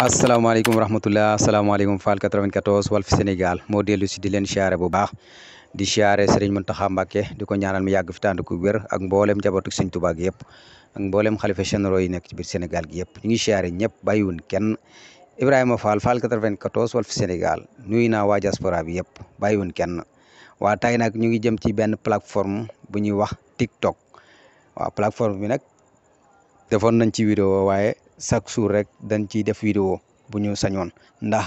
asalaamaaleykum rahmatullah asalaamaaleykum Fall 94 Walf Sénégal moo dellu si di leen siyaare bu baax di siyaare Serigne Mountakha Mbacké di ko ñaanal mu yàgg fi tànd ku wér ak mboolem njabootu Serigne Touba gi yëpp ak mboolem xalifa généraux yi nekk ci biir Sénégal gi yëpp ñu ngi siyaare ñëpp bàyyiwun kenn Ibrahima Fall Fall 94 Walf Sénégal nuyu naa waaj diaspora bi yëpp bàyyiwun kenn waa tey nag ñu ngi jëm ci benn plateforme bu ñuy wax TikTok waaw plateforme bi nag defoon nañ ci vidéo waaye chaque jour rek dañ ciy def vidéo bu ñu sañoon ndax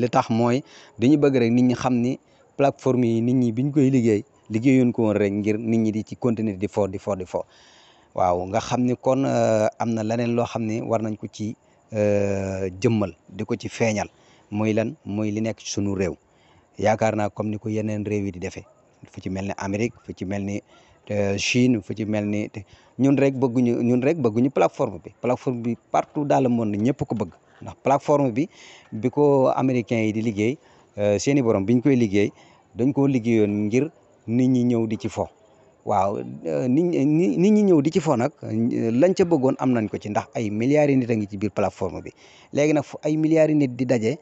li tax mooy dañu bëgg rek nit ñi xam ni plateforme yi nit ñi biñ koy liggéey liggéeyoon ko woon rek ngir nit ñi di ci continuer di fo di fo fo waaw nga xam ni kon euh, am na leneen loo xam ni war nañ ko ci euh, jëmmal di ko ci feeñal muy lan muy li nekk ci sunu réew yaakaar naa comme ni ko yeneen réew yi di defee fu ci mel ni Amérique fu ci mel ni Euh, Chine fu ci mel ni ñun rek bëgguñu ñun rek bëgguñu plateforme bi plateforme bi partout dans le na ñëpp ko bëgg ndax plateforme bi bi ko américains yi di liggéey euh, seeni borom biñ koy liggéey dañ koo liggéeyoon ngir nit ñi ñëw di ci fo waaw euh, nit ñi nit ñi ñëw di ci fo nag lañ ca bëggoon am nañ ko ci ndax ay milliards yi nit a ngi ci biir plateforme bi léegi nag fu ay milliards nit di daje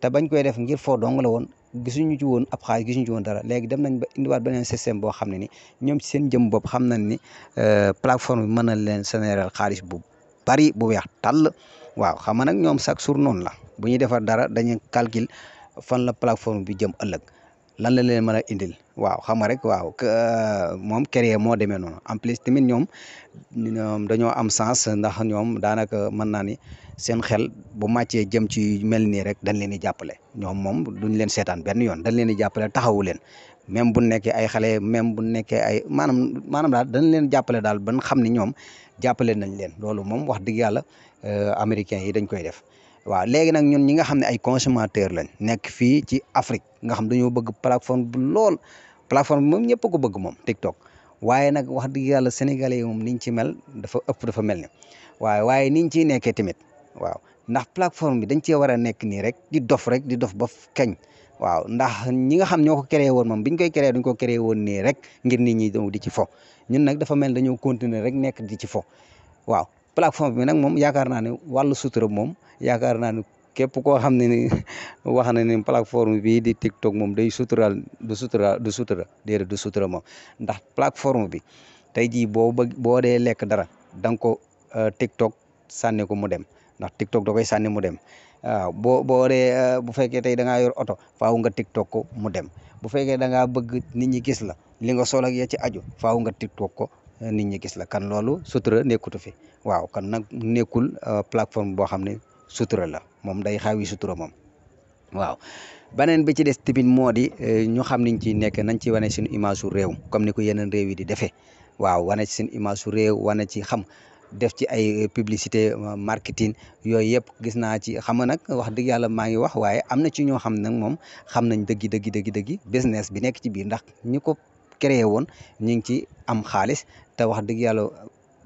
te bañ koy def ngir foo dong la woon gisuñu ci woon ab xaalis gisuñu ci woon dara léegi dem nañ ba indiwaat beneen système boo xam ne ni ñoom ci seen jëm bopp xam nañ ni euh, plateforme bi mën na leen général xaaris bu bari bu weex tàll waaw xam nga nag ñoom chaque jour noon la bu ñuy defar dara dañuy calcul fan la plateforme bi jëm ëllëg lan la leen mën a indil waaw xam nga rek waaw euh, moom créé moo demee noonu en plus tamit ñoom ñoom dañoo am sens ndax ñoom daanaka mën naa ni seen xel bu màccee jëm ci mel nii rek dañ leen di jàppale ñoom moom duñ leen seetaan benn yoon dañ leen di jàppale taxawu leen même bu nekkee ay xale même bu nekkee ay maanaam maanaam daal dañ leen jàppale daal ban xam ni ñoom jàppale nañ leen loolu moom wax dëgg yàlla euh, américains yi dañ koy def waaw léegi nag ñun ñi nga xam ne ay consommateur lañ nekk fii ci Afrique nga xam dañoo bëgg plateforme bu lool plateforme bi moom ñëpp ko bëgg moom TikTok waaye nag wax dëgg yàlla sénégalais yi moom niñ ci mel dafa ëpp dafa mel ni waaye waaye niñ nekkee tamit waaw ndax plateforme bi dañ cee war a nekk nii rek di dof rek di dof ba kañ waaw ndax ñi nga xam ñoo ko créé woon moom ñu koy créé duñ ko créé woon nii rek ngir nit ñi di ci fo ñun nag dafa mel dañoo continuer rek nekk di ci fo waaw plateforme bi nag moom yaakaar naa ne wàllu sutura moom yaakaar naa ne képp koo xam ne ni wax na ne plateforme bii di TikTok moom day suturaal du sutura du sutura déedéet du sutura moom ndax plateforme bi tey jii boo bëgg boo dee lekk dara da nga ko euh, TikTok ko mu dem ndax TikTok da koy sànni mu dem boo boo waree eh, bu fekkee tey da ngaa yor oto faaw nga TikTok ko mu dem bu fekkee da ngaa bëgg nit ñi gis la li nga sol ak ci ajo faaw nga TikTok ko eh, nit ñi gis la kan loolu sutura nekkutu fi waaw kan nag nekkul eh, plateforme boo xam ne sutura la moom day xaawi sutura moom waaw beneen bi ci des tamit moo di ñu xam niñ ci nekk nañ ci wane suñu image su réew comme ni ko yeneen réew yi di defee waaw wane ci seen image su réew wane ci xam def ci ay publicité euh, marketing yooyu yëpp gis naa ci xam nga nag wax dëgg yàlla maa ngi wax waaye am na ci ñoo xam nag moom xam nañ dëgg dëgg dëgg dëgg business bi nekk ci biir ndax ñu ko créé woon ñu ngi ci am xaalis te wax dëgg yàlla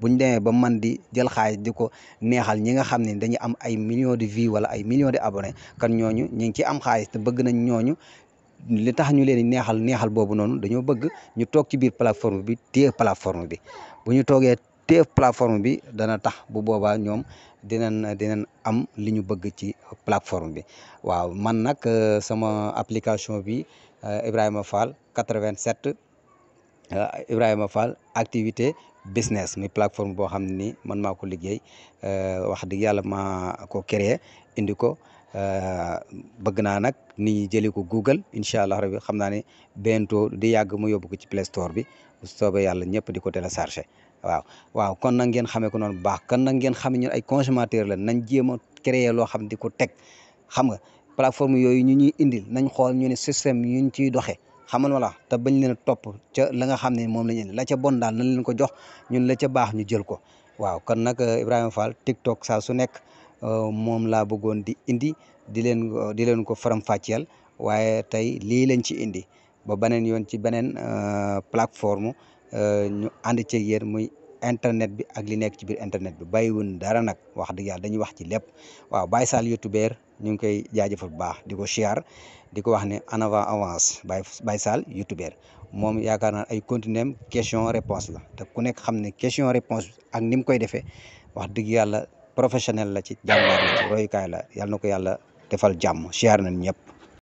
buñ demee ba man di jël xaalis di ko neexal ñi nga xam ne dañu am ay millions de vues wala ay millions de abonnés kan ñooñu ñu ngi ci am xaalis te bëgg nañ ñooñu li tax ñu leen neexal neexal boobu noonu dañoo bëgg ñu toog ci biir plateforme bi téye plateforme bi bu ñu toogee téye plateforme bi dana tax bu boobaa ñoom dinañ dinañ am li ñu bëgg ci plateforme bi waaw man nag euh, sama application bi euh, Ibrahima Fall 87 euh, Ibrahima Fall activité business muy plateforme boo xam ne nii man maa ko liggéey wax dëgg yàlla ma ko créé indi ko. Euh, bëgg naa nag nit ñi jëli ko Google incha allah rabi xam naa ne bientôt di yàgg mu yóbbu ko ci Play Store bi bu soobee yàlla di ko téléchargé waaw waaw kon nag ngeen xamee ko noonu baax kon nag ngeen xam ñun ay consommateur la nañ jéem a loo xam di ko teg xam nga plateforme yooyu ñu ñuy indil nañ xool ñu ne système yu ñu ciy doxee xaman wala te bañ leen a topp ca la nga xam ne moom la ñu indi la ca bon daal nañ leen ko jox ñun la ca baax ñu jël ko waaw kon nag euh, Ibrahima Fall TikTok saa su nekk. Euh, moom laa bëggoon di indi di leen di leen ko faram-fàcceel waaye tey lii lañ ci indi ba beneen yoon ci beneen euh, plateforme euh, ñu ànd ci yéen muy internet bi ak li nekk ci biir internet bi bàyyiwun dara nag wax dëgg yàlla dañuy wax ci lépp waaw Baye Sall youtubeur ñu ngi koy jaajëfal bu baax di ko siyaar di ko wax ne en avant avance Baye Baye Sall youtubeur moom yaakaar naa ay continuem question réponse la te ku nekk xam ne question réponse ak ni mu koy defee wax dëgg yàlla professionnel la ci jàmbaar la ci royukaay la yàlla na ko yàlla defal jàmm siyaar na ñëpp